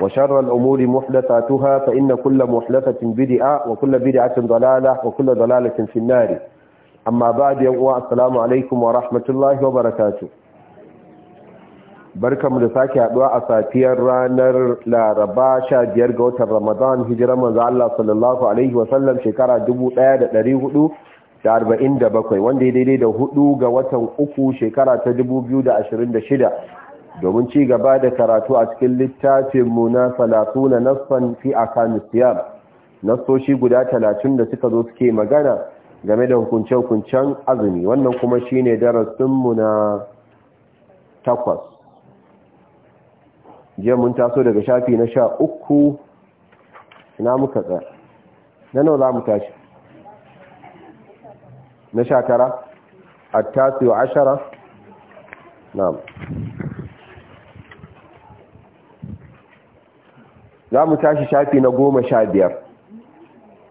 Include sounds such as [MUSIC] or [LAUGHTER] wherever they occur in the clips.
وشر الأمور محدثاتها فإن كل محدثة بدعة وكل بدعة ضلالة وكل ضلالة في النار أما بعد السلام عليكم ورحمة الله وبركاته barkamu da sake haduwa a safiyar ranar laraba sha biyar ga watan ramadan hijirar manzo Allah sallallahu alaihi Sallam shekara 1447 wanda ya daidai da hudu ga watan uku shekara ta 2026 domin ci gaba da karatu a cikin littafinmu na salatuna nassan fi akamis siyam nassoshi guda talatin da suka zo suke magana game da hukunce-hukuncen azumi wannan kuma shine darasinmu na takwas jiya mun taso daga shafi na sha uku na muka tsar na nau za mu tashi na sha tara a tasiyo ashara na za mu tashi shafi na goma sha biyar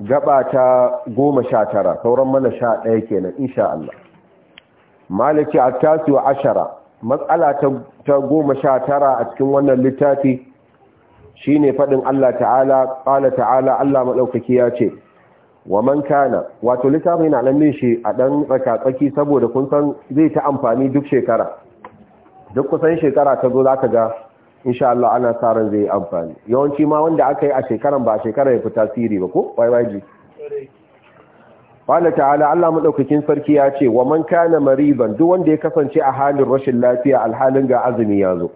gaba ta goma sha tara sauran mana sha ɗaya kenan insha Allah maliki a wa ashara matsala ta goma sha tara a cikin wannan littafi shine faɗin Allah ta'ala ƙala ta'ala Allah maɗaukaki ya ce wa man kana wato littafi na nan shi a ɗan tsakatsaki saboda kun san zai ta amfani duk shekara duk kusan shekara ta zo za ka ga insha Allah ana sa ran zai yi amfani yawanci ma wanda aka yi a shekaran ba a shekaran ya fi tasiri ba ko yyg wala ta'ala Allah maɗaukakin sarki ya ce wa man kana mariban duk wanda ya kasance a halin rashin lafiya alhalin ga azumi ya zo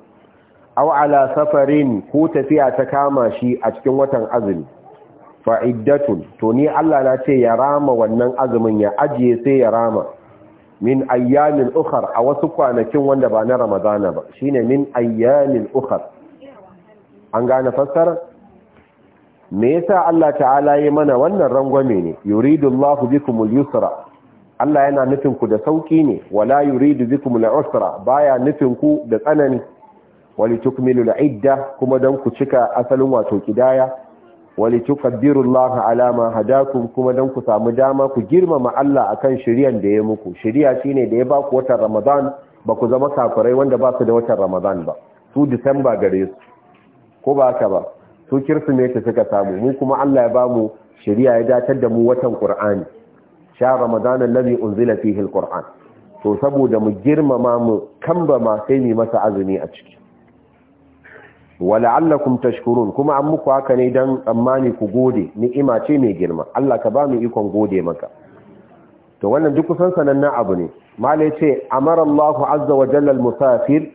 aw ala safarin ko tafiya ta kama shi a cikin watan azumi fa'iddatun to ni Allah na ce ya rama wannan azumin ya ajiye sai ya rama min ayyamin ukhar a wasu kwanakin wanda ba na ramadana ba shine min ayyamin ukhar an gane fassara me yasa Allah ta'ala yi mana wannan rangwame ne yuridullahu bikumul yusra Allah yana nufin ku da sauki ne wala yuridu bikumul usra baya nufin ku da tsanani walitukmilul idda kuma dan ku cika asalin wato kidaya Wani tukabbirullaha ala alama hadakum kuma dan ku samu dama ku girmama Allah akan shiriyan da ya muku shiriya shine da ya ba ku watan Ramadan ba ku zama kafirai wanda ba su da watan Ramadan ba su Disamba gare su ko ba ka ba su kirsimeti suka samu mu kuma Allah ya ba mu shiriya ya datar da mu watan Qur'ani sha Ramadan allazi unzila fihi alquran to saboda mu girmama mu kamba ma sai mu masa azumi a ciki wala'allakum tashkurun kuma an muku haka ne dan tsammani ku gode ni'ima ce mai girma Allah ka ba mu ikon gode maka to wannan duk kusan sanannen abu ne mala yace amara Allah azza wa jalla al-musafir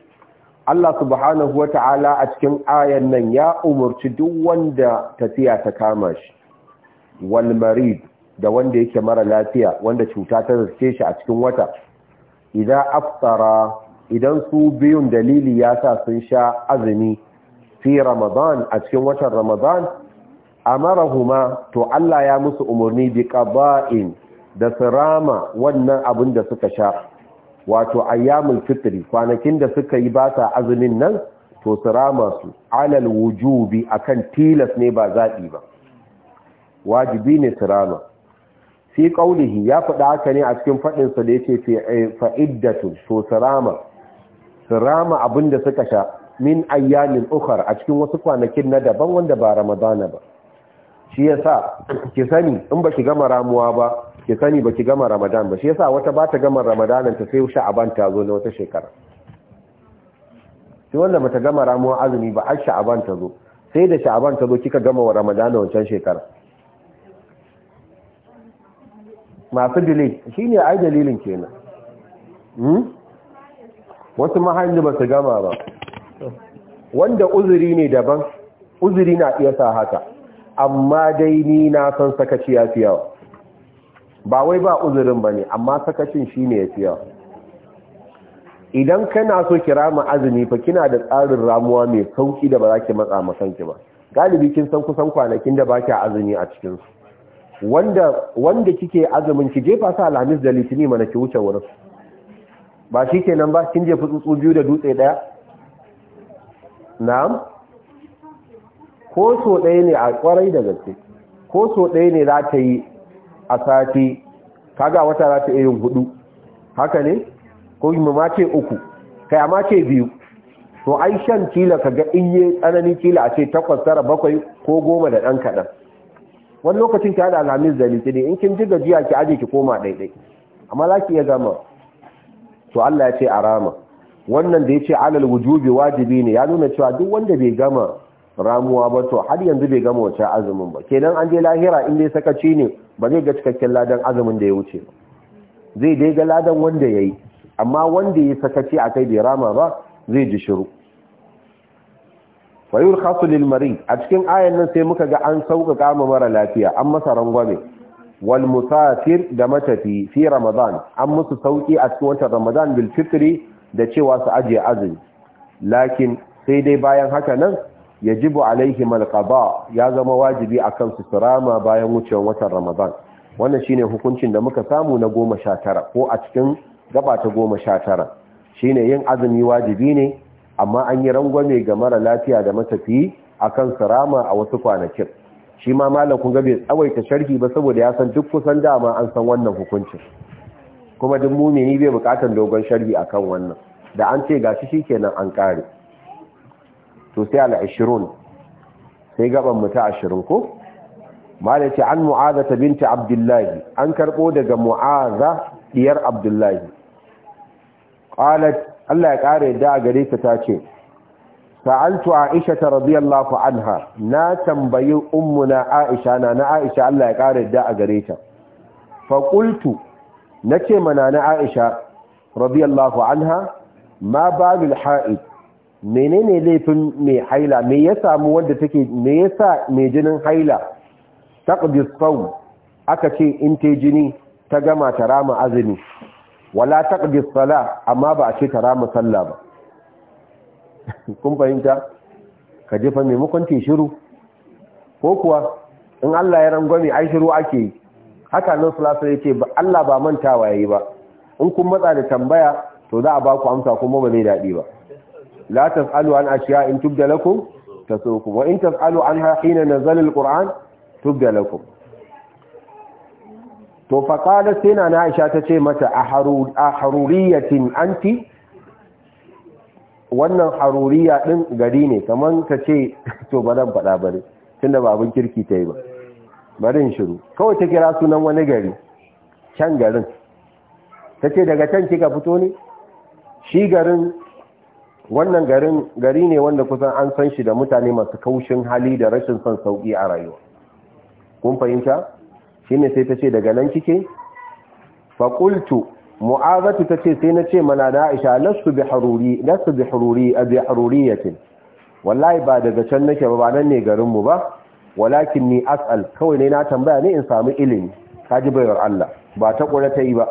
Allah subhanahu wata'ala a cikin ayan nan ya umarci duk wanda tafiya ta kama shi wal marid da wanda yake mara lafiya wanda cuta ta riske shi a cikin wata idan aftara idan su biyun dalili ya sa sun sha azumi fi ramadan a cikin watan ramadan amarahuma to Allah ya musu umarni bi qada'in da sirama wannan abin da suka sha wato ayyamul fitri kwanakin da suka yi bata azumin nan to sirama su alal wujubi akan tilas ne ba zabi ba wajibi ne sirama fi qaulihi ya faɗa haka ne a cikin faɗin sa da yace fi eh, fa'iddatu to sirama sirama abin da suka sha min ayyamin ukhar a cikin wasu kwanakin na daban wanda ba ramadana ba shi yasa ki sani in baki gama ramuwa ba ki sani baki gama ramadan ba shi yasa wata ba ta gama ramadanan ta sai sha'aban ta zo na wata shekara shi wanda bata gama ramuwa azumi ba har sha'aban ta zo sai da sha'aban ta zo kika gama wa ramadana wancan shekara masu shi shine ai dalilin kenan hmm? wasu ma ba su gama ba wanda uzuri ne daban uzuri na iya sa haka amma dai ni na san sakaci ya fi yawa ba wai ba uzurin ba ne amma sakacin shi ne ya fi yawa idan kana so ki rama azumi fa kina da tsarin ramuwa mai sauki da ba za ki matsa masanki ba galibi kin san kusan kwanakin da ba ki azumi a cikinsu wanda wanda kike azumin ki jefa sa alhamis da litini mana ki wuce wurin ba shi kenan ba kin jefa tsutsu biyu da dutse daya na'am ko so ɗaya ne a ƙwarai da gaske ko so ɗaya ne za ta yi a sati kaga wata za ta yin hudu haka ne ko yi ma ce uku kai amma ce biyu to ai shan kila ga in yi tsananin kila a ce takwas tara bakwai ko goma da ɗan kaɗan wani lokacin ki haɗa alhamis da litini in kin ji gajiya ki aje ki koma ɗaiɗai amma za ki iya gama to Allah ya ce a rama wannan da ya ce alal wujubi wajibi ne ya nuna cewa duk wanda bai gama ramuwa ba to har yanzu bai gama wacce azumin ba kenan an je lahira in dai sakaci ne ba zai ga cikakken ladan azumin da ya wuce ba zai dai ga ladan wanda ya yi amma wanda ya sakaci a kai bai rama ba zai ji shiru fayul khasu lil mari a cikin ayan nan sai muka ga an sauƙaƙa ma mara lafiya an masa rangwame wal musafir da matafi fi ramadan an musu sauki a cikin watan ramadan bil fitri da cewa su ajiye azumi lakin sai dai bayan haka nan yajibu alaihim alqada ya zama wajibi akan su surama bayan wucewar watan ramadan wannan shine hukuncin da muka samu na 19 ko a cikin gaba ta 19 shine yin azumi wajibi ne amma an yi rangwame ga mara lafiya da matafi akan sirama a wasu kwanakin shi ma malam kun bai tsawaita sharhi ba saboda ya san duk kusan dama an san wannan hukuncin kuma duk mumini bai bukatar dogon sharhi akan wannan da an ce gashi shikenan an kare to sai al-20 sai gaban mu ta 20 ko mala ce an mu'azata Binta abdullahi an karbo daga mu'aza diyar abdullahi qalat Allah ya kare da gare ta tace sa'altu aisha radiyallahu anha na tambayi ummuna aisha na na aisha Allah ya kare da gare ta fa qultu nace mana na Aisha radiyallahu anha ma balul ha'id menene laifin mai haila me ya samu wanda take me yasa mai jinin haila taqdi sawm aka ce in ta jini ta gama tarama azumi wala taqdi sala amma ba a ce tarama sallah ba [LAUGHS] kun fahimta ka jefa maimakon mukunta shiru ko kuwa in Allah ya rangwame ai shiru ake yi haka nan sulasa ya ce Allah ba manta mantawa yayi ba in kun matsa da tambaya to za a ba ku amsa kuma ba zai daɗi ba la tasalu an ashiya in tubda lakum tasukum wa in tasalu ha hina nazala alquran tubda lakum to fa qala sina na aisha ta ce mata aharud anti wannan haruriya din gari ne kaman ce [LAUGHS] to ba zan faɗa bare tunda ba abin kirki tayi ba Barin shiru kawai ta kira sunan wani gari can garin ta ce daga can kika fito ne shi garin wannan garin gari ne wanda kusan an san shi da mutane masu kaushin hali da rashin son sauki a rayuwa kun fahimta shi ne sai ta ce daga nan kike faƙultu mu'azatu ta ce sai na ce mana da aisha lasu bi haruri lasu bi haruri a bi haruriyatin wallahi ba daga can nake ba ba nan ne garinmu ba walakin ni as'al kawai ne na tambaya ne in samu ilimi kaji bayar Allah ba ta kore ta yi ba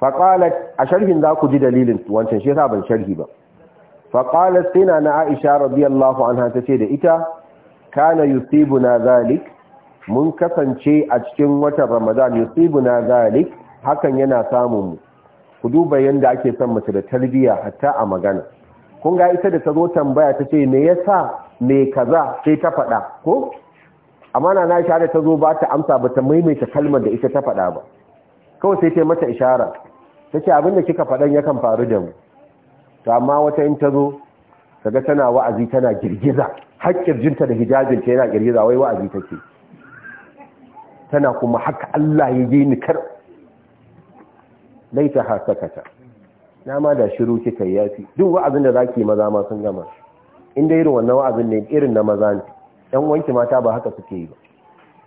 faqalat a sharhin za ku ji dalilin wancan shi yasa ban sharhi ba faqalat sina na Aisha radiyallahu anha ta ce da ita kana yusibuna zalik mun kasance a cikin watan Ramadan na zalik hakan yana samun mu ku duba yanda ake son mace da tarbiyya hatta a magana kun ga ita da ta zo tambaya ta ce me yasa me kaza sai ta faɗa ko amana na da ta zo ba ta amsa ba ta maimaita kalmar da ita ta faɗa ba kawai sai ta mata ishara ta ce abin da kika faɗan yakan faru da mu to amma wata in ta zo kaga tana wa'azi tana girgiza har kirjinta da hijabinta yana girgiza wai wa'azi take tana kuma haka Allah ya yi ni kar laita na ma da shiru kika yi yafi duk wa'azin da zaki maza ma sun gama in da irin wannan wa'azin ne irin na maza ne yan wanki mata ba haka suke yi ba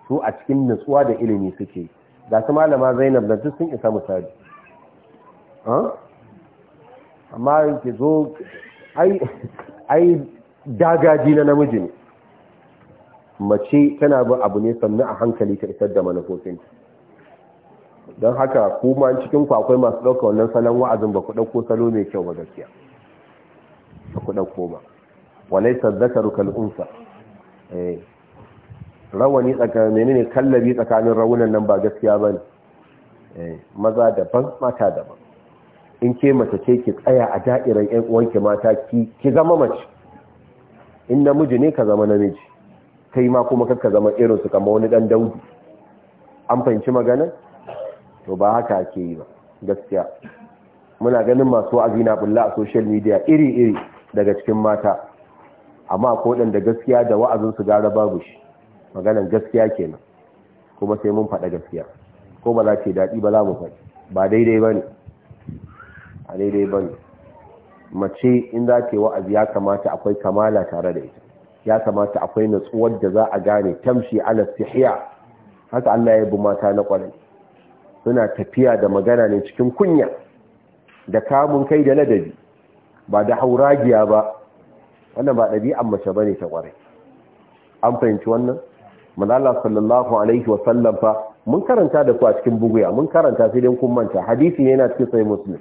su a cikin nutsuwa da ilimi suke yi ga su malama Zainab da duk sun isa misali amma ki zo ai dagaji na namiji ne mace tana bin abu ne sannu a hankali ta isar da manufofinta don haka kuma cikin kwakwai masu ɗauka wannan salon wa'azin ba ku ɗauko salo mai kyau ba gaskiya ba ku ɗauko ba Wani sadakar kal'unsa eh. rawani tsakanin ne kallabi tsakanin raunan nan ba gaskiya ba ne eh. maza daban mata daban in ke mace ce ki tsaya a da'irar yan uwanki mata ki zama mace in namiji ne ka zama namiji kai ma kuma ka zama irinsu kama wani dan daudi an fahimci magana to ba haka ake yi ba gaskiya muna ganin masu wa'azi na bulla a social media iri-iri daga cikin mata amma ko da gaskiya da wa'azin su gara babu shi maganan gaskiya kenan kuma sai mun faɗa gaskiya ko ba za ce daɗi ba za mu faɗi ba daidai ba ne a daidai ba ne mace in za wa'azi ya kamata akwai kamala tare da ita ya kamata akwai natsuwar da za a gane tamshi ala sihiya haka Allah ya bi mata na kwarai suna tafiya da magana ne cikin kunya da kamun kai da ladabi ba da hauragiya ba wannan ba ɗabi'an mace ba ne ta ƙware an fahimci wannan manala sallallahu alaihi wasallam fa mun karanta da su a cikin buguya mun karanta sai dai kun manta hadisi ne yana cikin sai muslim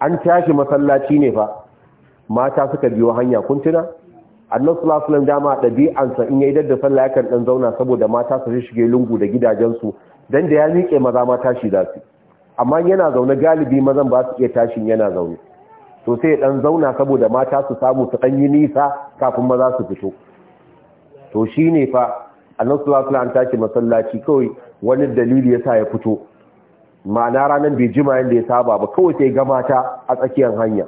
an tashi masallaci ne fa mata suka biyo hanya kun tuna annabi sallallahu alaihi wasallam dama ɗabi'ansa in yayi dadda sallah yakan dan zauna saboda mata su shige lungu da gidajensu dan da ya miƙe maza ma tashi za su amma yana zaune galibi mazan ba su iya tashin yana zaune to sai dan zauna saboda mata su samu su dan yi nisa kafin maza su fito to shi ne fa annabi su lafi an tashi masallaci kawai wani dalili sa ya fito ma'ana ranar bai jima yadda ya saba ba kawai sai ga mata a tsakiyar hanya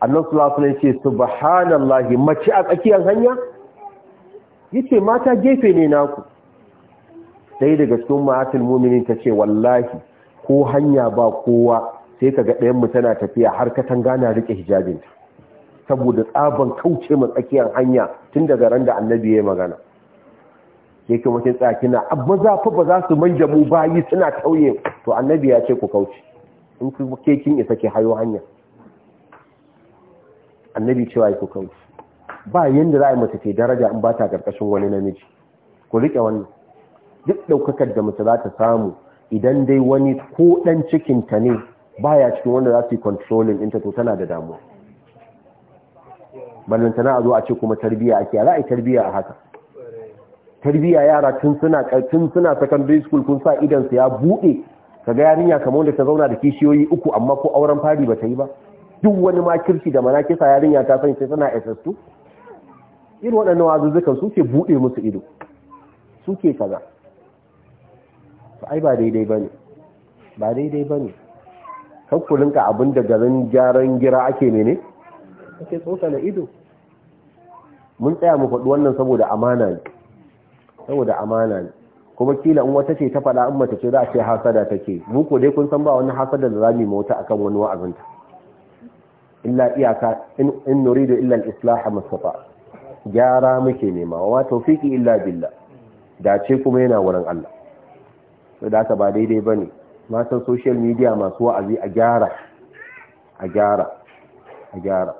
annan su lafi ce subhanallahi mace a tsakiyar hanya ya mata gefe ne naku ɗaya daga cikin ma'atul muminin ta ce wallahi ko hanya ba kowa sai ka ga ɗayan mu tana tafiya har ka katanga na rike hijabin hijabinta saboda tsaban kauce mu tsakiyar hanya tun daga ran da annabi ya magana sai kuma kin tsakina abba za fa ba za su manja mu bayi suna tauye to annabi ya ce ku kauce in ku ke kin isa ke hayo hanya annabi cewa ku kauce ba yanda za a yi mace daraja in ba ta karkashin wani namiji ku rike wannan duk ɗaukakar da mace za ta samu idan dai wani ko ɗan ta ne baya cikin wanda za su yi controlling ta to tana da damuwa ballantana a zo a ce kuma tarbiyya ake yara a tarbiyya a haka tarbiyya yara tun suna tun suna secondary school kun sa idan su ya buɗe kaga yarinya kamar wanda ta zauna da kishiyoyi uku amma ko auren fari ba ta yi ba duk wani ma kirki da mana kisa yarinya ta san sai tana SS2 irin waɗannan wazuzzukan suke buɗe musu ido suke kaza ai ba daidai ba ne ba daidai ba ne ka abin da garin gyaran gira ake mene ake tsoka na ido mun tsaya mu faɗi wannan saboda amana ne saboda amana ne kuma kila in wata ce ta faɗa in mace ce za a ce hasada take mu ko dai kun san ba wani hasada da zami mu wata akan wani wa'azinta illa iyaka in nuridu illa al-islah mastata gyara muke nema wa tawfiqi illa billah dace kuma yana wurin Allah to da haka ba daidai ba ne matan social media masu wa'azi a gyara a gyara a gyara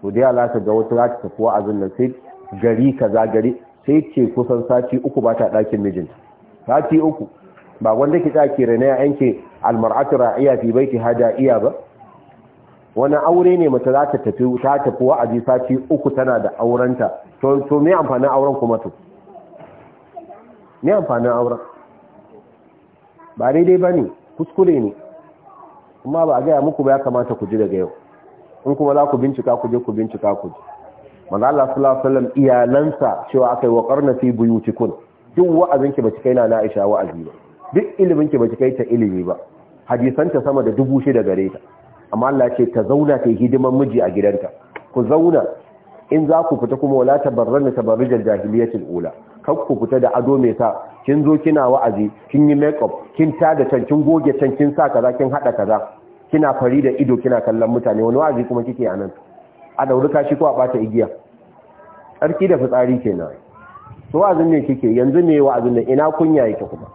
su da alaka ga wata za ta tafi wa'azin nan sai gari kaza gari sai ce kusan sati uku ba ta ɗakin mijinta sati uku ba wanda ki ta rana ya yanke almar'atu ra'iya fi hada iya ba wani aure ne mata za ta tafi ta tafi wa'azi sati uku tana da aurenta to to me amfanin auren kuma to me amfanin auren ba daidai ba ne kuskure ne kuma ba a gaya muku ba ya kamata ku ji daga yau in kuma za ku bincika ku je ku bincika ku ji manzo Allah sallallahu alaihi iyalansa cewa aka yi wa qarna fi buyutikum duk wa'azinki ba kai na Aisha wa'azi ba duk iliminki baki kai ta ilimi ba hadisanta sama da dubu shida gare ta amma Allah ce ta zauna ta hidimar miji a gidanta ku zauna in za ku fita kuma wala tabarrana tabarrujal jahiliyatul ula kar ku fita da ado mai sa kin zo kina wa'azi kin yi make up kin tada can kin goge can kin sa kaza kin hada kaza kina fari da ido kina kallon mutane wani wa'azi kuma kike anan a dauri kashi ko a bata igiya tsarki da fitsari kenan to wa'azin ne kike yanzu ne wa'azin ne ina kunya yake kuma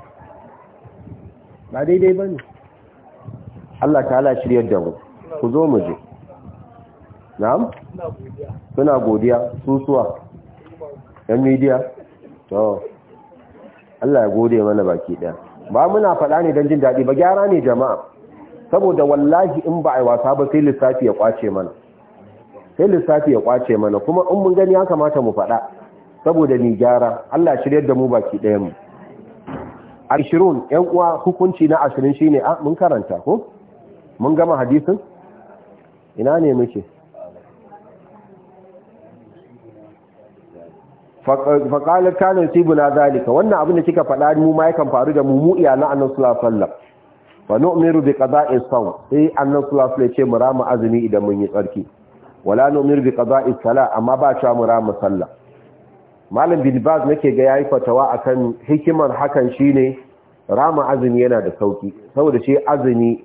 ba daidai bane Allah ta'ala shiryar da mu ku zo mu je na'am suna godiya susuwa yan midiya to Allah ya gode mana baki ɗaya. ba muna faɗa ne don jin daɗi ba gyara ne jama'a saboda wallahi in ba a yi wasa ba sai lissafi ya kwace mana sai lissafi ya kwace mana kuma in mun gani ya kamata mu faɗa saboda ni gyara Allah shiryar da mu baki ɗaya mu ashirun yan uwa hukunci na ashirin shine a ah, mun karanta ko mun gama hadisin ina ne muke faƙalar kanin sibu na zalika wannan abin da kika faɗa mu ma yakan faru da mu mu na annan sulasallam fa nu'miru bi qada'i sawm sai annan sulasallar ce mu rama azumi idan mun yi tsarki wala nu'miru bi qada'i sala amma ba cewa mu rama sallah malam bin baz nake ga yayi fatawa akan hikimar hakan shine rama azumi yana da sauki saboda shi azumi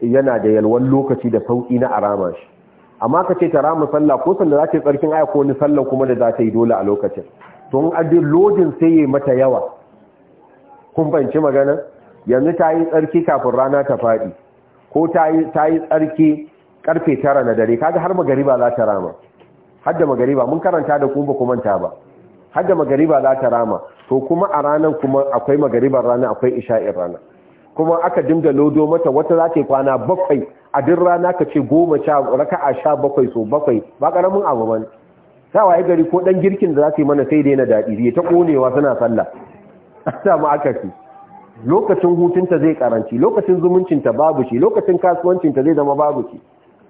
yana da yalwan lokaci da sauki na arama shi amma ka ce ta rama sallah ko sanda za ta yi tsarkin aya ko sallah kuma da za ta yi dole a lokacin to in addi lodin sai yi mata yawa kun banci magana yanzu ta yi tsarki kafin rana ta faɗi ko ta yi tsarki karfe tara na dare kaga har magariba za ta rama har da magariba mun karanta da kuma kuma manta ba har da magariba za ta rama to kuma a ranar kuma akwai magaribar rana akwai isha'in rana kuma aka dinga lodo mata wata za ta yi kwana bakwai a duk rana ka ce goma sha raka a sha bakwai so bakwai ba karamin abu ba ta waye gari ko dan girkin da za ta yi mana sai dai na daɗi zai ta konewa suna sallah [LAUGHS] a samu aka fi lokacin hutunta zai karanci lokacin zumuncinta babu shi lokacin kasuwancinta zai zama babu shi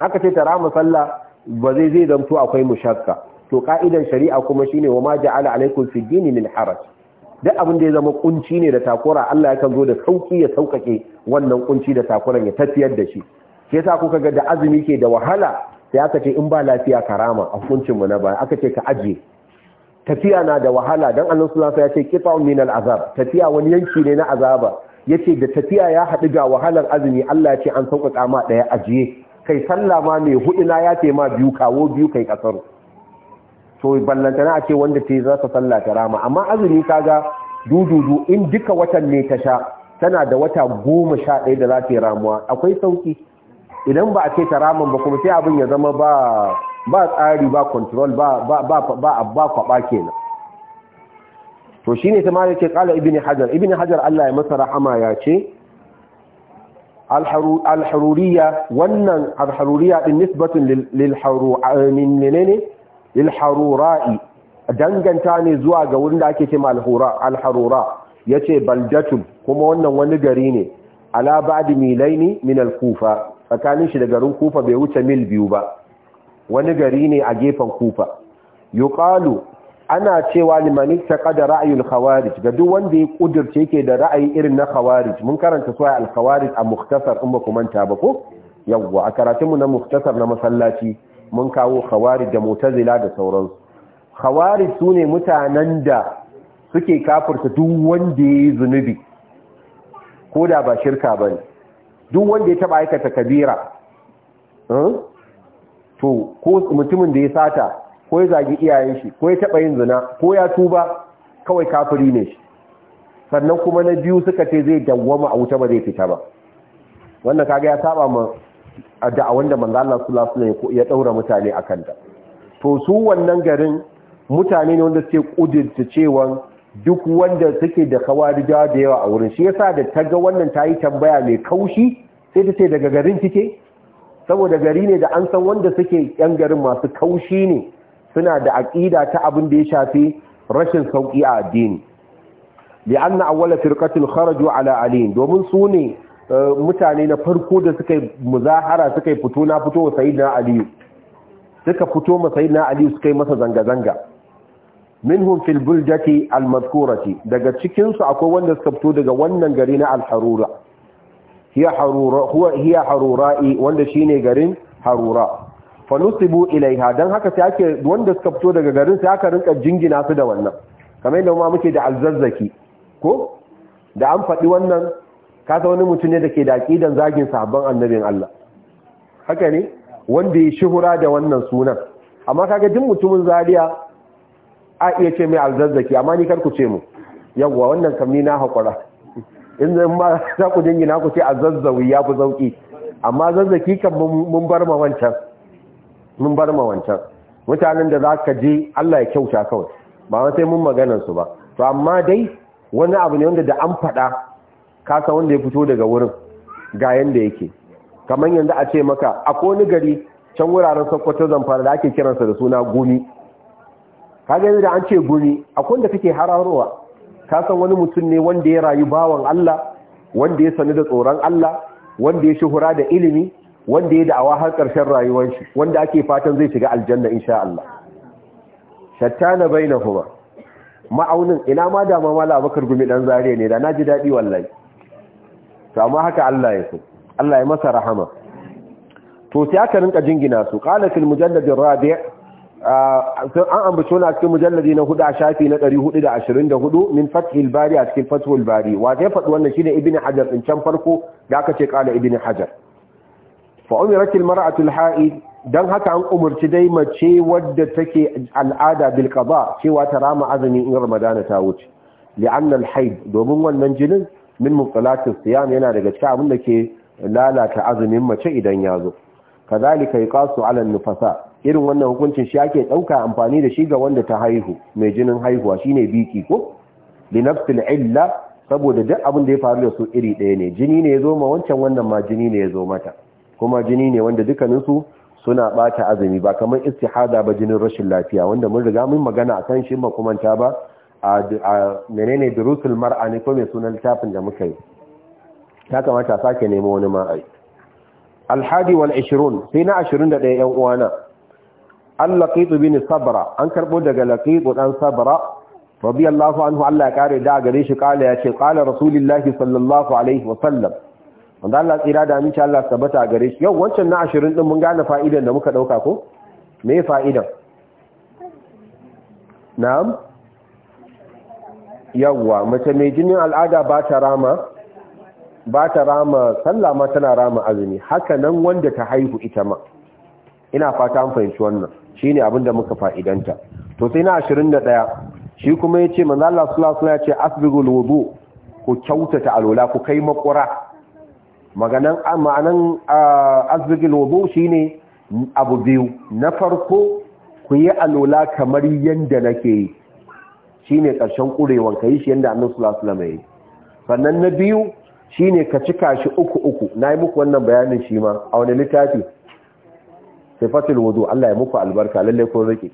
aka ce ta rama sallah ba zai zai zamto akwai mushakka to ka'idan shari'a kuma shine wa ma ja'ala alaikum fi dini min haraj duk abin da ya zama kunci ne da takura Allah ya kan zo da sauki ya saukake wannan kunci da takuran ya tafiyar da shi Ke sa kuka ga da azumi ke da wahala sai aka ce in ba lafiya karama a hukuncinmu na baya aka ce ka ajiye tafiya na da wahala dan Allah subhanahu ya ce qita'un min na azab tafiya wani yanki ne na azaba yace da tafiya ya haɗu ga wahalar azumi Allah ya ce an sauƙaƙa ma ɗaya ajiye kai sallama ma mai hudu na ya ce ma biyu kawo biyu kai kasaro to ballantana a ce wanda ta yi za ta salla ta rama amma azumi ga dududu in duka watan ne ta sha tana da wata goma sha ɗaya da za ta yi ramuwa akwai sauki idan ba a ce ta raman ba kuma sai abin ya zama ba ba tsari ba control ba ba ba ba ba kwaba kenan to shine ta malai ce kala ibni hajar ibni hajar Allah ya masa rahama ya ce al wannan al-haruriyya din nisbatun lil haruriyya min menene Il harura'i danganta ne zuwa ga wurin da ake cewa al-hura al-harura yace baldatun kuma wannan wani gari ne ala milai milaini min al-kufa tsakanin shi da garin kufa bai wuce mil biyu ba wani gari ne a gefen kufa yuqalu ana cewa limanin taqada ra'ayul khawarij ga duk wanda ya kudirce ke da ra'ayi irin na khawarij mun karanta suwa al-khawarij a Muktasar, in ba ku manta ba ko yawwa a karatunmu na Muktasar na masallaci mun kawo khawarij da mu'tazila da sauransu khawarij sune mutanen da suke kafirta duk wanda yayi zunubi koda ba shirka bane duk wanda ya taba aikata kabira eh, to ko mutumin da ya sata ko ya zagi iyayen shi ko ya taba yin zina ko ya tuba kawai kafiri ne shi sannan kuma na biyu suka ce zai dawwama a wuta ba zai fita ba wannan kaga ya saba ma a da'awan da manzo Allah sallallahu alaihi wasallam ya daura mutane akan ta to su wannan garin mutane ne wanda suke kudirta cewa duk wanda suke da kawarija da yawa a wurin shi yasa da taga wannan ta yi tambaya mai kaushi sai ta ce daga garin kike saboda gari ne da an san wanda suke yan garin masu kaushi ne suna da aƙida ta abin da ya shafi rashin sauƙi a addini li'anna awwala firqatin kharaju ala ali domin su ne mutane na farko da suka yi muzahara suka yi fito na fito wa sayyidina aliyu suka fito ma sayyidina aliyu suka yi masa zanga-zanga minhum fil buljati al madhkurati daga cikin su akwai wanda suka fito daga wannan gari na al harura hiya harura huwa hiya harura'i wanda shine garin harura fa nusibu ilaiha dan haka sai ake wanda suka fito daga garin sai aka rinka jingina su da wannan kamar yadda ma muke da alzazzaki ko da an faɗi wannan Ka kasa wani mutum ne da ke da ƙidan zagin sahabban annabin Allah haka ne wanda ya shuhura da wannan sunan amma kaga duk mutumin zariya a iya ce mai alzazzaki amma ni karku ce mu yawwa wannan kamni na haƙura in ma za ku dingina ku ce alzazzawi ya fi zauki amma zazzaki kan mun bar ma wancan mun bar ma wancan mutanen da za ka je Allah ya kyauta kawai ba sai mun maganar su ba to amma dai wani abu ne wanda da an faɗa kasa wanda ya fito daga wurin ga yanda yake kamar yanzu a ce maka akwai wani gari can wuraren sokoto zamfara da ake kiransa da suna gumi kaga yanzu da an ce gumi akwai wanda kake hararowa ka san wani mutum ne wanda ya rayu bawan Allah wanda ya sani da tsoron Allah wanda ya shuhura da ilimi wanda ya da'awa har ƙarshen rayuwar shi wanda ake fatan zai shiga aljanna insha Allah shattana bainahuma ma'aunin ina ma da mamala abakar gumi dan zariya ne da naji dadi wallahi to amma haka Allah ya so Allah ya masa rahama to sai aka rinka jingina su qala fil mujallad ar-rabi' an ambace a cikin mujalladi na hudu a shafi na 424 min fathil bari a cikin fathul bari wa zai faɗi wannan shine ibnu hajar din can farko da aka ce qala ibnu hajar fa umirat al-mar'atu al-ha'id dan haka an umurci dai mace wadda take al'ada bil qada cewa ta rama azumi in ramadana ta wuce li'anna al-haid domin wannan jinin min mutsalati siyam yana daga cikin abin da ke lalata azumin mace idan ya zo kazalika yaqasu ala nufasa irin wannan hukuncin shi ake dauka amfani da shi ga wanda ta haihu mai jinin haihuwa shine biki ko li nafsil illa saboda duk abin da ya faru da su iri ɗaya ne jini ne ya ma wancan wannan ma jini ne yazo mata kuma jini ne wanda dukkaninsu suna bata azumi ba kamar istihada ba jinin rashin lafiya wanda mun riga mun magana akan shi ba ba a menene durusul mar'a ne ko mai sunan littafin da muka yi ta kamata sake nemo wani ma'ai alhadi wal 20 sai na 21 yan uwana An laqit bin sabra an karbo daga laqit dan sabra radiyallahu anhu Allah ya kare da gare shi kala yace kala rasulullahi sallallahu alaihi wa sallam wanda Allah tsira da aminci Allah tabbata a gare shi yau wancan na 20 din mun gane fa'idan da muka dauka ko me fa'idan na'am yawwa mace mai jinin al'ada ba ta rama ba ta rama sallah ma tana rama azumi haka nan wanda ta haihu ita ma ina fata an fahimci wannan shine abin da muka fa'idanta to sai na 21 shi kuma yace manzo Allah sallallahu alaihi wasallam yace asbigul wudu ku kyautata alwala ku kai makura maganan ma'anan asbigul wudu shine abu biyu na farko ku yi alwala kamar yanda nake yi shine karshen kurewan yi shi yadda annabi sula sula mai sannan na biyu shi ne ka cika shi uku uku Na yi muku wannan bayanin shi ma a wani littafi sai Fasil wudu Allah ya muku albarka lalle ko rike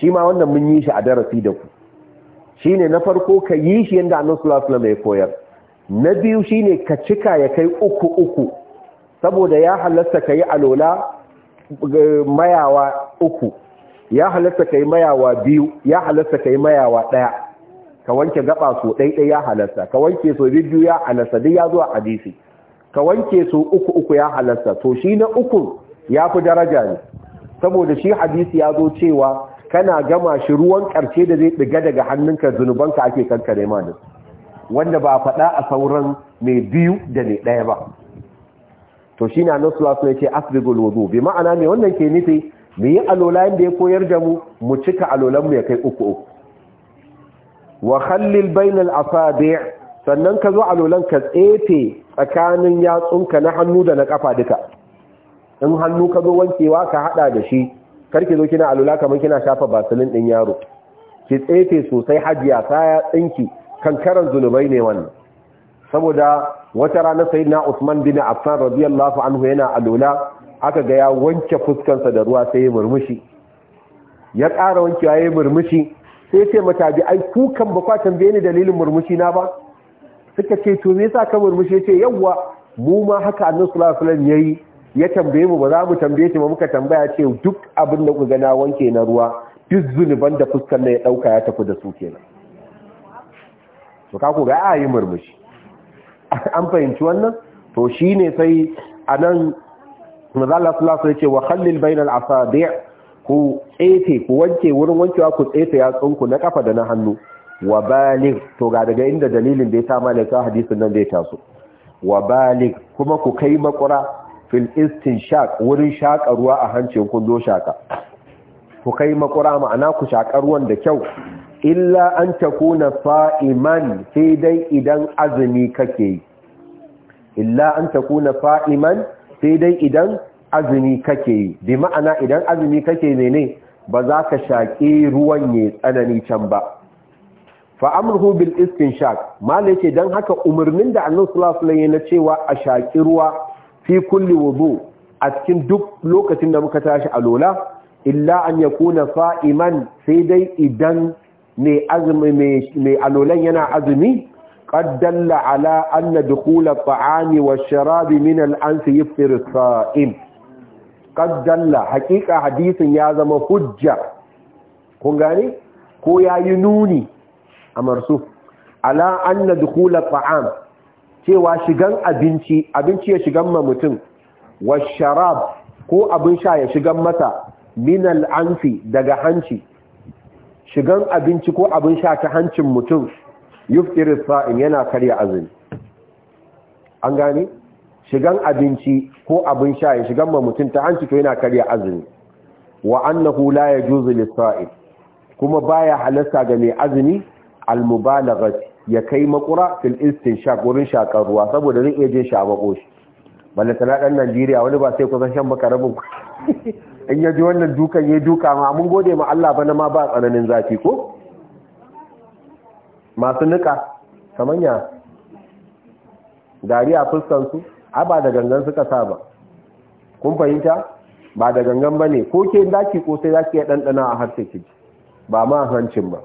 shi ma wannan mun yi shi a darasi da ku Shi ne na farko ka yi shi yadda annabi sula sula mai koyar na biyu shi ne ka cika ya kai uku uku saboda ya halasta ka yi alola eh, mayawa uku ya halatta kai mayawa biyu ya halatta kai mayawa ɗaya ka wanke gaba so ɗaiɗai ya halatta ka wanke so biyu ya halatta duk ya zuwa hadisi ka wanke so uku uku ya halatta to shi na uku ya fi daraja ne saboda shi hadisi ya zo cewa kana gama shi ruwan karshe da zai ɗiga daga hannunka zunubanka ake kankare ma da wanda ba faɗa a sauran mai biyu da mai ɗaya ba to shi na nasu sulasu ce asbigul wudu bi ma'ana ne wannan ke nufi mu yi alola yadda ya koyar da mu mu cika alolanmu ya kai uku uku wa khallil bainal asabi' sannan ka zo alolan ka tsefe tsakanin yatsunka na hannu da na kafa duka in hannu ka zo wankewa ka hada da shi karki zo kina alola kamar kina shafa basilin din yaro ki tsefe sosai hajiya ta tsinki kankaran zunubai ne wannan saboda wata rana sayyidina Usman bin Affan radiyallahu anhu yana alola aka ga ya wanke fuskansa da ruwa sai ya murmushi ya ƙara wankewa ya yi murmushi sai ce mata bi ai kukan ba kwatan tambaye ni dalilin murmushi na ba suka ce to me yasa ka murmushi ce yawwa mu ma haka annabi sallallahu alaihi wasallam yayi ya tambaye mu ba za mu tambaye shi ba muka tambaya ce duk abin da kuka na wanke na ruwa duk zunuban da fuskan na ya dauka ya tafi da su kenan to ka ku ga murmushi an fahimci wannan to shine sai anan manzo Allah sallallahu alaihi ya ce wa khallil bainal asabi' ku tsefe ku wanke wurin wankewa ku tsefe yatsunku na kafa da na hannu wa balig to ga daga inda dalilin da ya sa malaka hadisin nan da ya taso wa balig kuma ku kai makura fil istinshaq wurin shaka ruwa a hancin ku do shaka ku kai makura ma'ana ku shaka ruwan da kyau illa an takuna fa'iman sai dai idan azumi kake illa an takuna fa'iman sai dai idan azumi kake yi bi ma'ana idan azumi kake mene ba za ka shaƙi ruwan ya tsanani can ba fa'amurhu bil ma mala ce don haka umarnin da Allah sallallahu na cewa a shaƙi ruwa fi kulli wudu a cikin duk lokacin da muka tashi a lola, illa an ya kuna iman sai dai idan mai azumi mai alolan yana azumi قد دل على أن دخول الطعام والشراب من الأنس يفطر الصائم قد دل حقيقة حديث يازم حجة kun gane ko ya yi nuni a marsu ala an na dukula ta'am cewa shigan abinci abinci ya shigan ma mutum wa sharab ko abin sha ya shigan mata minal anfi daga hanci shigan abinci ko abin sha ta hancin mutum yufkiri sa'in yana karya azumi an gane shigan abinci ko abin sha ya shigan ma mutum ta hanci to yana karya azumi wa annahu la yajuzu lis-sa'im kuma baya halasta ga mai azumi al ya kai makura fil istinshaq wurin shakar ruwa saboda zai iya je shabako shi balle tana dan Najeriya wani ba sai kusan shan baka [LAUGHS] in ya ji wannan dukan ya duka ma mun gode ma Allah ba na ma ba tsananin zafi ko masu nika kamar ya gari a fuskansu a ba da gangan suka sa ba kun fahimta ba da gangan ba ne ko ke daki ko sai zaki ya ɗanɗana a harshe ki ba ma hancin ba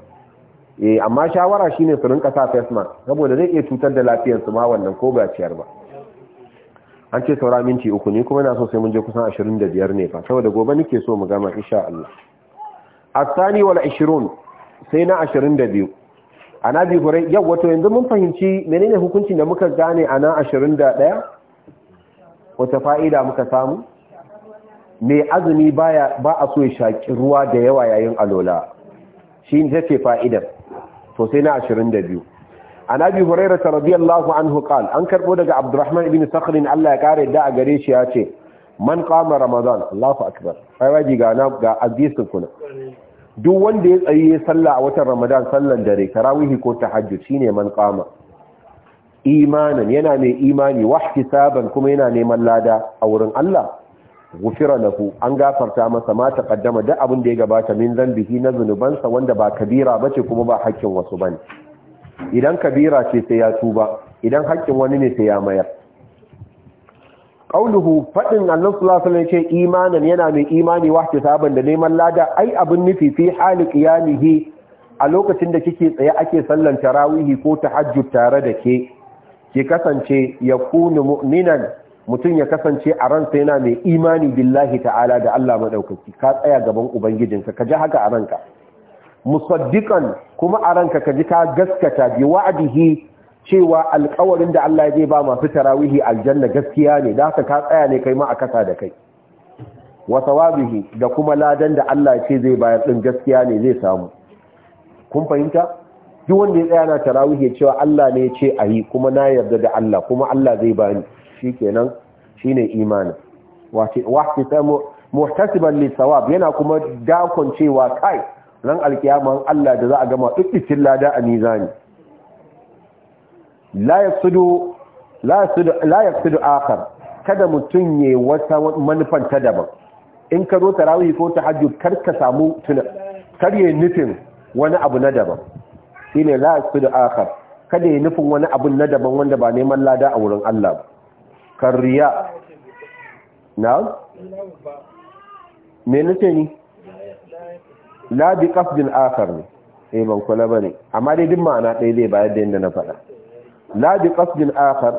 eh amma shawara shine su rinka sa face mask saboda zai iya cutar da lafiyar su ma wannan ko ba ciyar ba an ce saura minti uku ne kuma na so sai mun je kusan 25 ne fa saboda gobe nake so mu gama insha Allah asani wal 20 sai na 22 Anabi abi yau wato yanzu mun fahimci menene hukuncin da muka gane a nan ɗaya? wata fa'ida muka samu mai azumi ba a so ya shaƙi ruwa da yawa yayin alola shi ne ce fa'idar to sai na A an abi hurairar ta radiyallahu an hukal an karɓo daga abdurrahman ibn sakharin allah ya ƙara yadda a gare shi ya ce man kama ramadan allahu akbar ga na duk wanda ya tsaye ya salla a watan ramadan sallan dare tarawihi ko tahajjud shine man qama imanan yana mai imani wahtisaban kuma yana neman lada a wurin Allah gufira lahu an gafarta masa ma taqaddama duk abin da ya gabata min zambihi na zunubansa wanda ba kabira bace kuma ba hakkin wasu bane idan kabira ce sai ya tuba idan hakkin wani ne sai ya mayar qauluhu faɗin Allah sallallahu alaihi wasallam imanan yana mai imani wahti saban da neman lada ai abin nufi fi hali qiyamihi a lokacin da kike tsaye ake sallan tarawihi ko tahajjud tare da ke ki kasance yakunu mu'minan mutum ya kasance a ransa yana mai imani billahi ta'ala da Allah madaukaki ka tsaya gaban ubangijinka ka ji haka a ranka musaddiqan kuma a ranka ka ji ka gaskata bi wa'adihi. cewa alkawarin da Allah zai ba masu tarawihi aljanna gaskiya ne da haka ka tsaya ne kai ma a kasa da kai wa sawabihi da kuma ladan da Allah ce zai bayar din gaskiya ne zai samu kun fahimta duk wanda ya tsaya na tarawihi cewa Allah ne ya ce a yi kuma na yarda da Allah kuma Allah zai bani shikenan shine imanin wace wahtisamu muhtasiban li sawab yana kuma dakon cewa kai ran alkiyama Allah da za a gama duk lada a mizani la ya sudu akar akhar kada mutum ya wata manufan ta daban in ka zo tarawih ko ta hajji kar ka samu tuna kar ya nufin wani abu na daban ne la sudu akhar kada ya nufin wani abu na daban wanda ba neman lada a wurin Allah karriya riya na me nufin ni la bi kafin akhar ne eh ban kula ne amma dai duk ma'ana ɗaya zai bayar da yadda na faɗa la bi qasdin akhar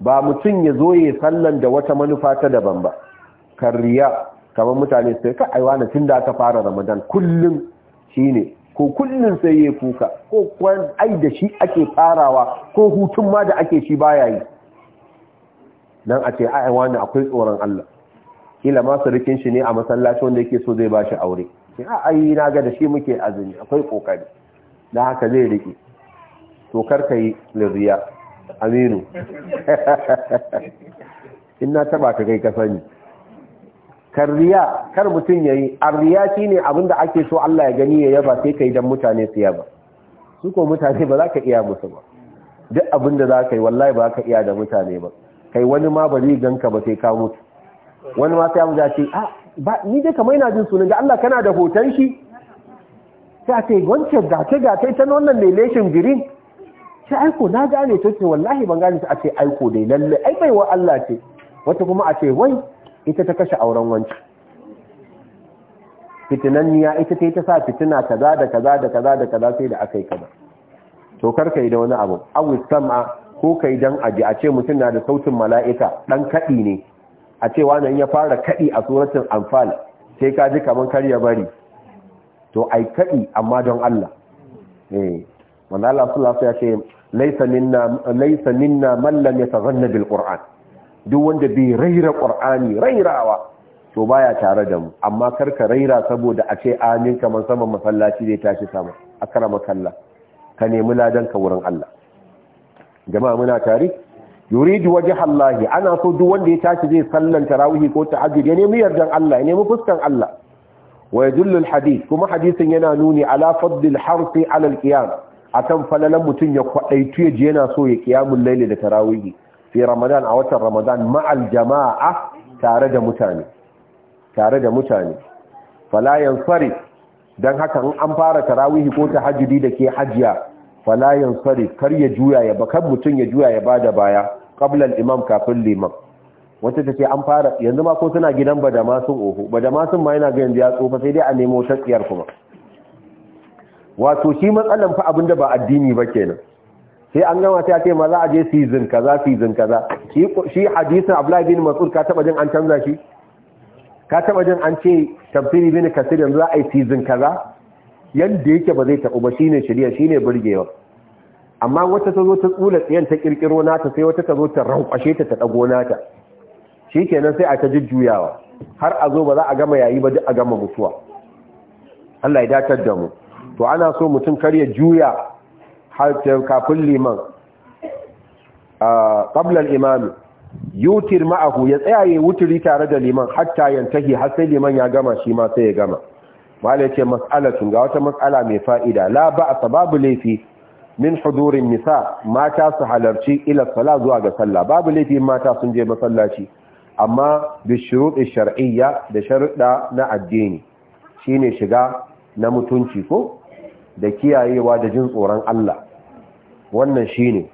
ba mutum ya zo ya sallan da wata manufa ta daban ba kariya kamar mutane sai ka aiwa na tunda aka fara ramadan kullum shine ko kullum sai ya kuka ko kwan ai da shi ake farawa ko hutun ma da ake shi baya yi dan a ce ai wani akwai tsoron Allah kila ma surukin shi ne a masallaci wanda yake so zai bashi aure sai ai na ga da shi muke azumi akwai kokari dan haka zai rike to karka yi liriya aminu [LAUGHS] in na taba ka kai ka sani karriya kar mutum yayi arriya shine abinda ake so Allah ya gani ya yaba sai kai dan mutane su yaba su ko mutane ba za ka iya musu ba duk abinda za ka yi wallahi ba za ka iya da mutane ba kai wani ma ba zai ganka ba sai ka mutu wani ma sai amja ce ah ba ni dai kamar ina jin sunan ga Allah kana da hoton shi sai ce wancan da ta ga ta wannan ne leshin green sai aiko na gane to ce wallahi ban gane ta a ce aiko dai lalle ai wa Allah ce wata kuma a ce wai ita ta kashe auren wanci fitinanniya ita ta yi ta sa fitina kaza da kaza da kaza da kaza sai da aka yi kaza to karka yi da wani abu awi sam'a ko kai dan aji a ce mutum na da sautin mala'ika dan kaɗi ne a ce wani ya fara kaɗi a suratul anfal sai ka ji kaman kar ya bari to ai kaɗi amma don Allah eh manzo Allah sallallahu alaihi wasallam ya ce laisa minna laisa minna man bil duk wanda bai raira qur'ani rairawa to baya tare da mu amma karka raira saboda a ce amin kamar saman masallaci zai tashi sama karama kalla ka nemi ladan ka wurin Allah jama'a muna tare yuridu waje Allah ana so duk wanda ya tashi zai sallan tarawihi ko tahajjud ya nemi yardan Allah ya nemi fuskan Allah wa yadullu al hadith kuma hadisin yana nuni ala fadl al harfi ala al akan falalan mutum ya kwadaitu ya ji yana so ya kiyamul laili da tarawih fi ramadan a watan ramadan ma'al jama'a tare da mutane tare da mutane fala yansari dan haka an fara tarawihi ko ta hajjidi da ke hajiya fala yansari kar ya juya ya bakan mutum ya juya ya bada baya qabla al-imam kafin liman wata ta an fara yanzu ma ko suna gidan badama sun oho badama sun ma yana ga yanzu ya tsofa sai dai a nemo tsakiyar tsiyar kuma wato shi matsalan fa abinda ba addini ba kenan sai an gama sai ake maza a je season kaza season kaza shi hadisin Abdullahi bin Mas'ud ka taba jin an canza shi ka taba jin an ce tafsiri bin kasir yanzu za a yi season kaza yadda yake ba zai taɓa ba shine shirya shine burgewa amma wata ta zo ta tsula tsiyan ta kirkiro nata sai wata ta zo ta rankwashe ta ta dago nata shikenan sai a ta jujjuyawa har a zo ba za a gama yayi ba duk a gama mutuwa Allah ya datar da mu to ana so mutum kar ya juya kafin liman a ƙablar imami yutir ma'ahu ya tsayaye wuturi tare da liman hatta yantahi har sai liman ya gama shi ma sai ya gama mala yace mas'alatun ga wata mas'ala mai fa'ida la ba'a babu laifi min hudurin nisa mata su halarci ila sala zuwa ga sallah babu laifi mata sun je masallaci amma bi shar'iyya da sharuɗa na addini shine shiga na mutunci ko da kiyayewa da jin tsoron Allah wannan shi ne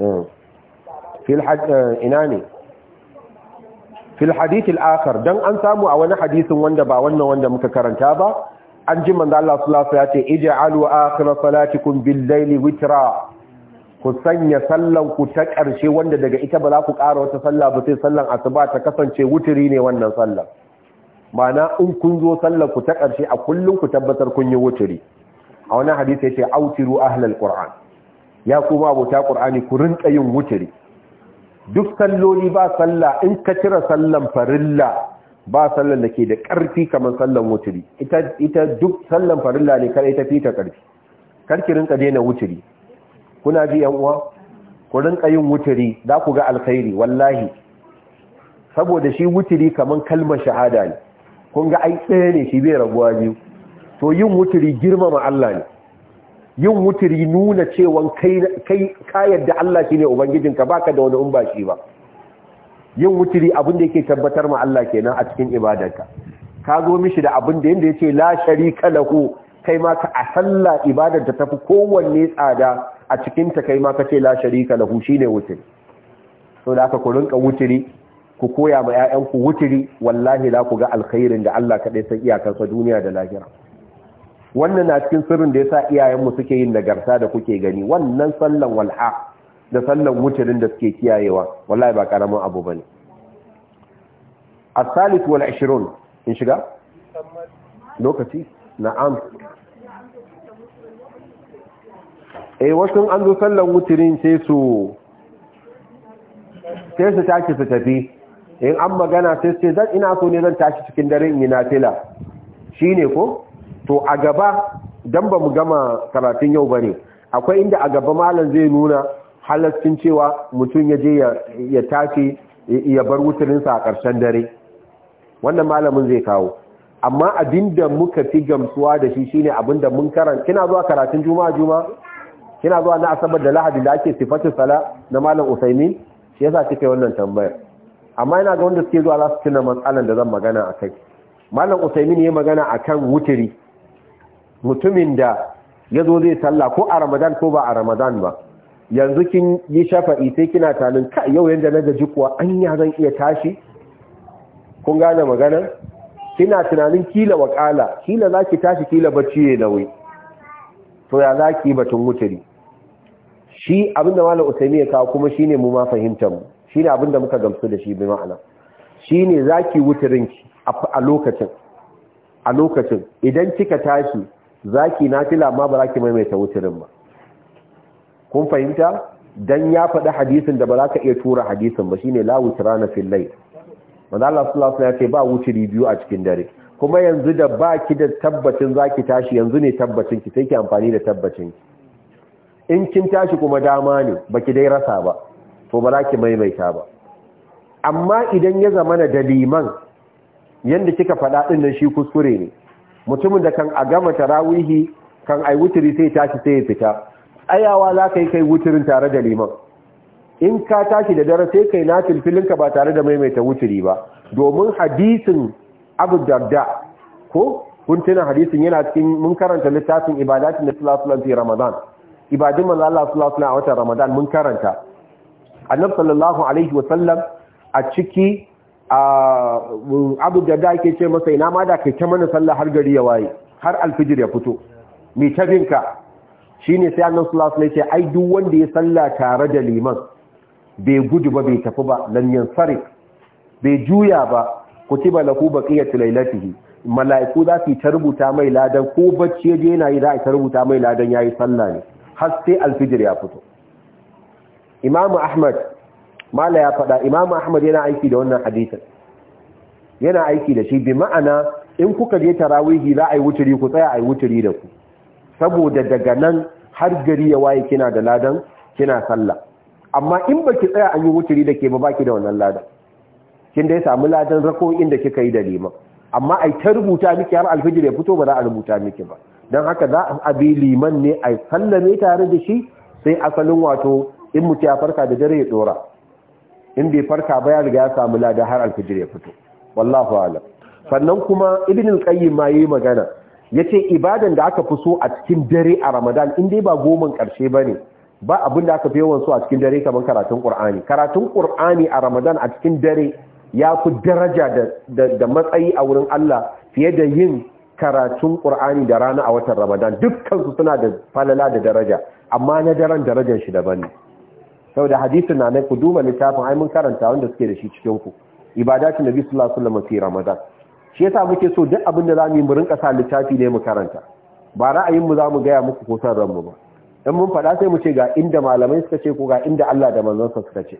eh. eh, ina ne fil hadithil don an samu a wani hadisin wanda ba wannan wanda muka karanta ba an ji manzo Allah sallallahu ya ce ij'alu akhir salatikum bil layli witra ku sanya sallan ku ta ƙarshe wanda daga ita ba za ku ƙara wata sallah ba sai sallan asuba ta kasance wuturi ne wannan sallan mana in kun zo sallar ku ta ƙarshe a kullum ku tabbatar kun yi wuturi a wani hadisi yace autiru ahlal qur'an ya kuma abota qur'ani ku rinka yin wuturi duk salloli ba sallah in ka cire sallan farilla ba sallan da ke da ƙarfi kamar sallan wuturi ita duk sallan farilla ne kada ita fita ƙarfi karki rinka daina wuturi kuna ji yan uwa ku rinka yin wuturi za ku ga alkhairi wallahi saboda shi wuturi kamar kalmar shahada ne kun ga ai ɗaya ne shi bai rabuwa biyu to yin wuturi girmama Allah ne yin wuturi nuna cewa kai ka yadda Allah shi ne ubangijinka baka da wani umba shi ba yin wuturi abin yake tabbatar ma Allah kenan a cikin ibadarka ka zo mishi da abin da yanda yace la sharika lahu kai ma ka a sallah ibadar ta tafi kowanne tsada a cikin ta kai ma ka ce la sharika lahu shine wuturi so da aka ku ka wuturi ku koya ma 'ya'yanku wuturi wallahi za ku ga alkhairin da Allah kaɗai san iyakarsa duniya da lahira wannan na cikin sirrin da yasa iyayenmu suke yin nagarta da kuke gani wannan sallan walha da sallan wucirin da suke kiyayewa wallahi ba karamin abu bane as-salis wal 20 in shiga lokaci na'am eh wasu an zo sallan wucirin sai su sai su tashi su tafi in an magana sai sai zan ina so ne zan tashi cikin dare in yi nafila shine ko to a gaba don ba mu gama karatun yau ba ne, akwai inda a gaba malam zai nuna halaskin cewa mutum ya je ya tafi ya bar wuturinsa a ƙarshen dare wannan malamin zai kawo amma abinda muka fi gamsuwa da shi shine abinda mun karanta kina zuwa karatun juma'a juma'a kina zuwa na asabar da lahadi da ake sifatu sala na malam usaimin shi yasa kike wannan tambayar amma ina ga wanda suke zuwa za su tuna matsalan da zan magana akai malam usaimin ya magana akan wuturi mutumin da ya zo zai sallah ko a ramadan ko ba a ramadan ba yanzu kin yi shafa'i sai kina tanin ka yau yanda na gaji kuwa yi zan iya tashi kun gane magana kina tunanin kila wakala kila zaki tashi kila bacci ya nauyi to ya zaki batun wuturi shi abinda malam usaimi ya kawo kuma shine mu ma fahimtar mu shine abinda muka gamsu da shi bi ma'ana Shi ne za ki a a lokacin idan kika tashi zaki nafila amma ba za ki maimaita wuturin ba kun fahimta dan ya faɗi hadisin da ba za ka iya tura hadisin ba shine la wutrana fil layl manzo Allah sallallahu alaihi ya ce ba wuturi biyu a cikin dare kuma yanzu da baki da tabbacin zaki tashi yanzu ne tabbacin ki sai ki amfani da tabbacin ki in kin tashi kuma dama ne baki dai rasa ba to ba za ki maimaita ba amma idan ya zama da liman yanda kika faɗa din nan shi kuskure ne mutumin da kan a gama tarawihi kan ai wuturi sai tashi sai ya fita ayawa za ka yi kai wuturin tare da liman in ka tashi da dare sai kai na ka ba tare da maimaita wuturi ba domin hadisin abu darda ko kuntunan hadisin yana cikin mun karanta littafin ibadatin da sulasulan fi ramadan ibadin manzo Allah sulasulan a watan ramadan mun karanta annabi sallallahu alaihi wasallam a ciki Mm, abu da ke ce masa ina ma da ke ta mana sallah har gari ya waye har alfijir ya fito mai tafinka shi ne sai annan sula ne ce ai duk wanda ya salla tare da liman bai gudu ba bai tafi ba lanyan sare bai juya ba ku ci balaku baƙiyyatu lailatihi mala'iku za su yi ta rubuta mai ladan ko bacci je yana yi za a ta rubuta mai ladan ya yi sallah ne har sai alfijir ya fito imamu ahmad mala ya faɗa imamu ahmad yana aiki da wannan hadisin yana aiki da shi bi ma'ana in kuka je tarawihi za a yi wuturi ku tsaya a yi wuturi da ku saboda daga nan har gari ya waye kina da ladan kina sallah amma in baki tsaya an yi wuturi da ke ba baki da wannan ladan kin dai samu ladan rako inda kika yi da liman amma ai ta rubuta miki har alfijir ya fito ba za a rubuta miki ba dan haka za a bi liman ne a sallame tare da shi sai asalin wato in mutu ya farka da dare ya dora in bai farka ba ya riga ya samu lada har alfijir ya fito wallahu alam sannan kuma ibn al-qayyim ma yayi magana yace ibadan da aka fi so a cikin dare a ramadan in dai ba goman karshe bane ba abin da aka fi yawan so a cikin dare kamar karatun qur'ani karatun qur'ani a ramadan a cikin dare ya fi daraja da matsayi a wurin Allah fiye da yin karatun qur'ani da rana a watan ramadan dukkan su suna da falala da daraja amma na daren darajar shi daban ne da hadisin na nan ku duba littafin ai mun karanta wanda suke da shi cikin ku ibadatu nabi sallallahu alaihi wasallam fi ramadan shi yasa muke so duk abin da zamu yi mu rinka sa littafi ne mu karanta ba ra'ayin mu zamu gaya muku ko san ranmu ba in mun faɗa sai mu ce ga inda malamai suka ce ko ga inda Allah da manzansa suka ce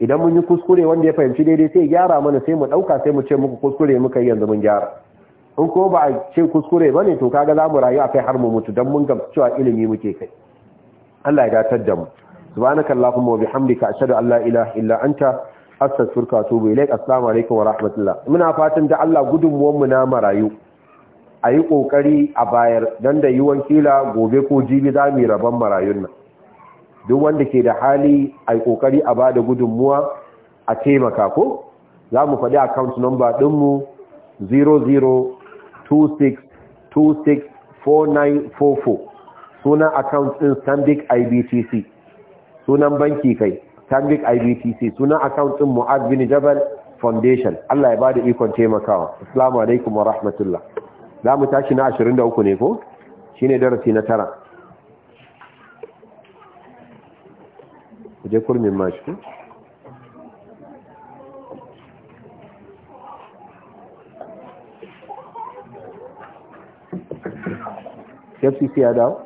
idan mun yi kuskure wanda ya fahimci daidai sai gyara mana sai mu ɗauka sai mu ce muku kuskure muka yi yanzu mun gyara in ko ba a ce kuskure ba ne to kaga za mu rayu a kai har mu mutu don mun gamsu cewa ilimi muke kai Allah ya datar da mu subhanaka kallafin wa bihamdika ashhadu an la ilaha illa anta astaghfiruka wa atubu ilaik assalamu wa rahmatullah muna fatan da Allah gudunmuwan mu na marayu ayi kokari a bayar dan da yiwon kila gobe ko jibi za mu raban marayun nan duk wanda ke da hali ayi kokari a bada gudunmuwa a taimaka ko za mu faɗi account ɗin mu 0026264944 sunan account ɗin stanbic ibtc sunan banki kai Tangik IBTC sunan account din Mu'ad bin Jabal Foundation Allah ya bada ikon taimakawa assalamu alaikum wa rahmatullah mu tashi na 23 ne ko shine darasi na tara je kurmin mashi FCC ya dawo?